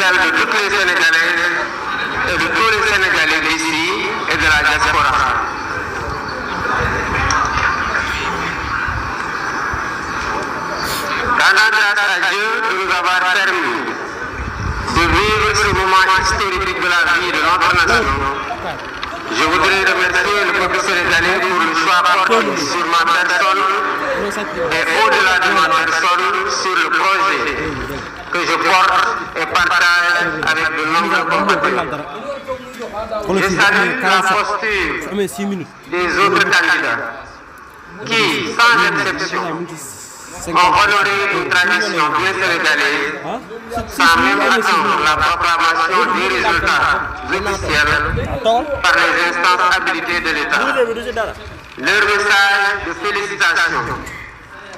de toutes les Sénégalais et de tous les Sénégalais d'ici et de la diaspora. Quand, grâce à Dieu de nous avoir permis de vivre ce moment historique de la vie de notre nation, je voudrais remercier le peuple sénégalais pour le choix porté sur ma personne et au-delà de ma personne sur le projet que je porte et partage avec de nombreux compatriotes. Je salue la posture des autres candidats qui, sans exception, ont honoré une tradition bien sénégalaise sans même attendre la proclamation des résultats judiciaires par les instances habilitées de l'État. Leurs messages de félicitations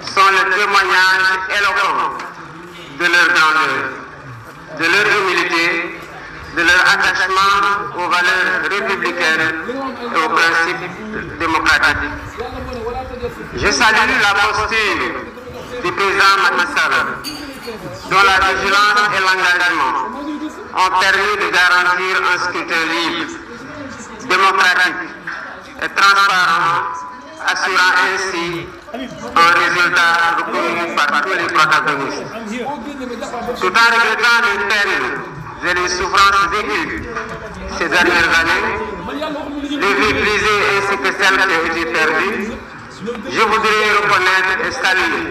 sont le témoignage éloquent de leur grandeur, de leur humilité, de leur attachement aux valeurs républicaines et aux principes démocratiques. Je salue la posture du président Matassara, dont la vigilance et l'engagement ont permis de garantir un scrutin libre, démocratique et transparent, assurant ainsi un résultat reconnu par tous les protagonistes. Tout en regrettant les peines et les souffrances vécues ces dernières années, les vies brisées ainsi que celles qui ont été perdues, je voudrais reconnaître et saluer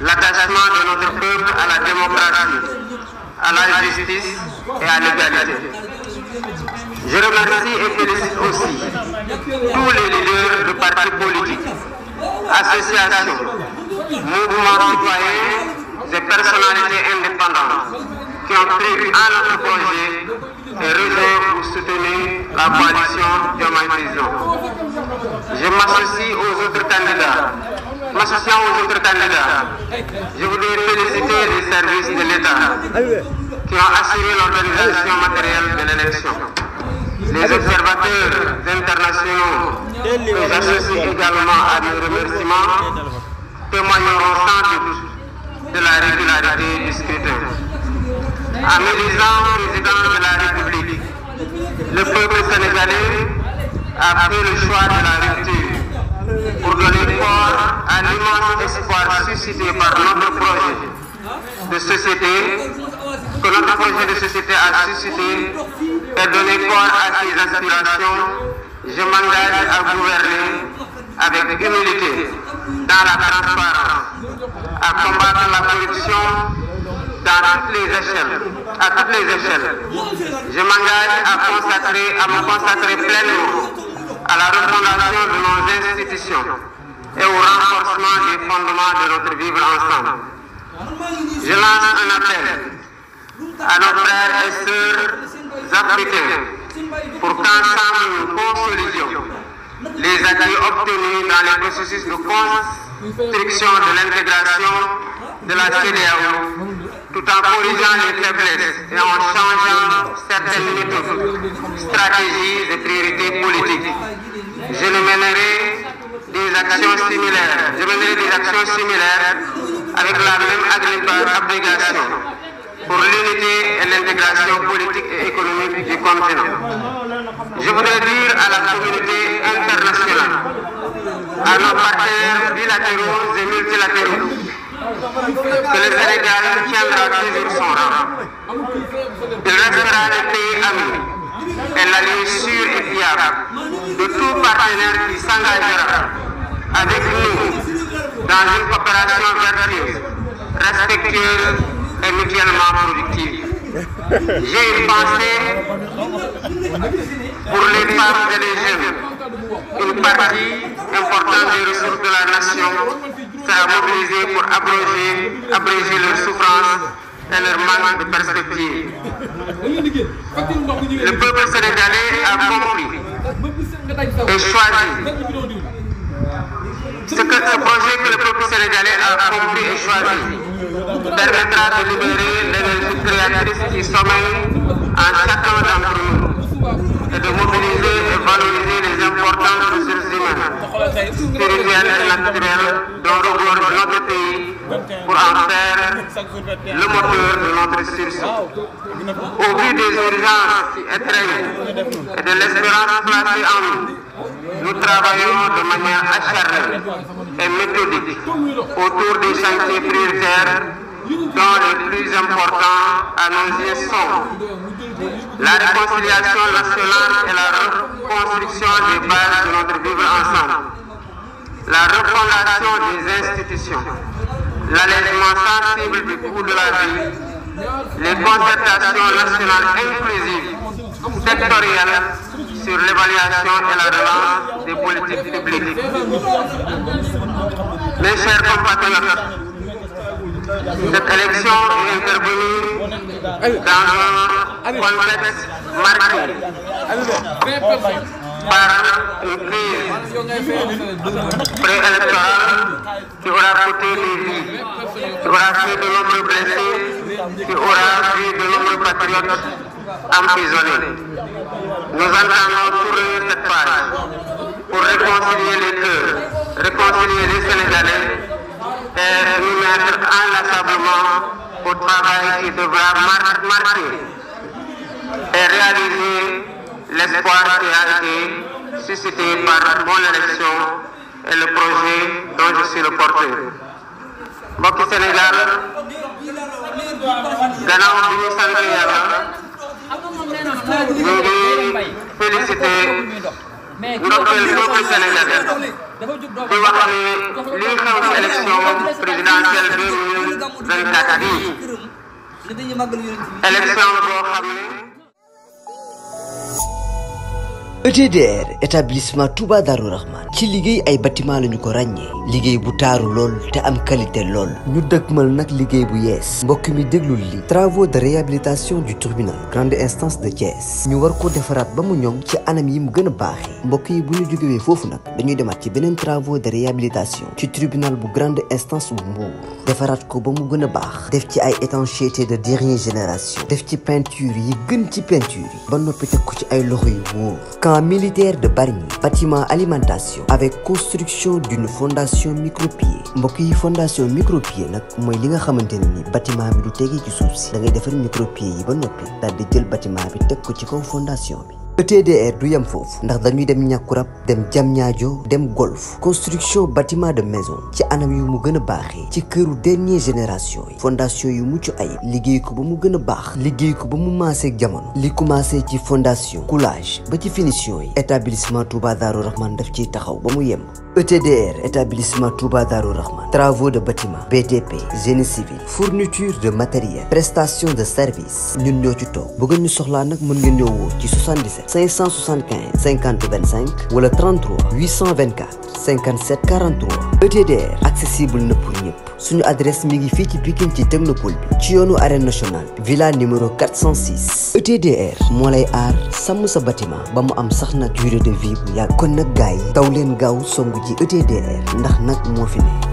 l'attachement de notre peuple à la démocratie, à la justice et à l'égalité. Je remercie et félicite aussi tous les leaders du parti politique Association, Mouvement citoyens des personnalités indépendantes qui ont pris à notre projet et réserve pour soutenir la coalition de ma Je m'associe aux autres candidats. m'associe aux autres candidats, je voudrais féliciter les services de l'État qui ont assuré l'organisation matérielle de l'élection. Les observateurs internationaux que j'associe également à des remerciements témoigneront sans doute de la régularité du scrutin. En m'élisant président de la République, le peuple sénégalais a fait le choix de la rupture pour donner corps à l'immense espoir suscité par notre projet de société, que notre projet de société a suscité et donner corps à ces aspirations, je m'engage à gouverner avec humilité, dans la transparence, à combattre la corruption dans toutes les échelles, à toutes les échelles. Je m'engage à, à me consacrer pleinement à la refondation de nos institutions et au renforcement des fondements de notre vivre ensemble. Je lance un appel à nos frères et sœurs africains pour qu'ensemble nous consolidions les acquis obtenus dans les processus de construction de l'intégration de la CDAO tout en corrigeant les faiblesses et en changeant certaines méthodes, stratégies et priorités politiques. Je mènerai des actions similaires. Je mènerai des actions similaires avec la même abnégation pour l'unité et l'intégration politique et économique du continent. Je voudrais dire à la communauté internationale, à nos partenaires bilatéraux et multilatéraux, que le Sénégal tiendra toujours son rang. Il restera le pays ami et la ligne sûre et fiable de tout partenaire qui s'engagera avec nous dans une coopération vertueuse, respectueuse et mutuellement J'ai une pensée pour les femmes et les jeunes. Une partie importante des ressources de la nation s'est mobilisée pour abréger, leur leurs souffrances et leur manque de perspective. Le peuple sénégalais a compris et choisi ce, que, ce projet que le peuple sénégalais a compris et choisi permettra de libérer l'énergie créatrice qui sommeille en chacun d'entre nous et de mobiliser et valoriser les importants ressources humaines, spirituelles et naturelles dont regorge notre pays pour en faire le moteur de notre sursis. Au vu des urgences qui et de l'espérance placée en nous, nous travaillons de manière acharnée et méthodique autour des chantiers prioritaires dont les plus importants à nos yeux sont la réconciliation nationale et la reconstruction des bases de notre vivre ensemble, la refondation des institutions, l'allègement sensible du coût de la vie, les concertations nationales inclusives, sectorielles sur l'évaluation et la relance des politiques publiques. Mes chers compatriotes, cette élection est intervenue dans un contexte marqué par une crise préélectorale qui aura coûté des vies, qui aura fait de nombreux blessés, qui aura fait de nombreux patriotes emprisonnés. Nous allons entourer cette page pour réconcilier les cœurs, réconcilier les Sénégalais et nous mettre inlassablement au travail qui devra mar marquer et réaliser l'espoir qui a été suscité par mon élection et le projet dont je suis le porteur. Sénégal loolu liggéey bay mais ki dafa jug doom li xew ci élection présidentielle 2024 yi élection boo xam ne ETDR établissement Touba Darou Rahman ci liguey ay bâtiment lañu ko ragné liguey bu taru lol té am qualité lol ñu dëgmal nak liguey bu yees mbokk mi déglul li travaux de réhabilitation du tribunal grande instance de Thiès ñu war ko défarat ba mu ñoŋ ci anam yi mu gëna baxé mbokk yi bu ñu jógewee fofu nak dañuy ci benen travaux de réhabilitation ci tribunal bu grande instance bu Mbour défarat ko ba mu gëna a def ci ay étanchéité de dernière génération def ci peinture yi gën ci peinture yi ba noppi ci ay loxo yu militaire de Barigny, bâtiment alimentation avec construction d'une fondation micropieux mbokk fondation micropieux nak moy li nga xamanteni ni bâtiment bi du tegee ci suuf si da ngay un micropieux yi ba noppi dal di jël bâtiment bi teg ko ci kaw fondation bi ETDR du yem foofu dem dem dem golf construction bâtiment de maison ci anam yu mu génération fondation yu liggéey ko mu jamono fondation coulage ba finition établissement Touba Rahman daf taxaw ba mu ETDR e établissement Rahman travaux de bâtiment BDP, génie civil fourniture de matériel prestation de service ñun 575 50 25 le 33 824 57 43 ETDR accessible ne pour ñëpp suñu adresse magnifique ngi fii de Pikine ci technopole bi arène nationale villa numéro 406 ETDR moo lay aar sàmm sa am sax durée de vie bu yàgg kon nag gars ETDR e Nahnak nag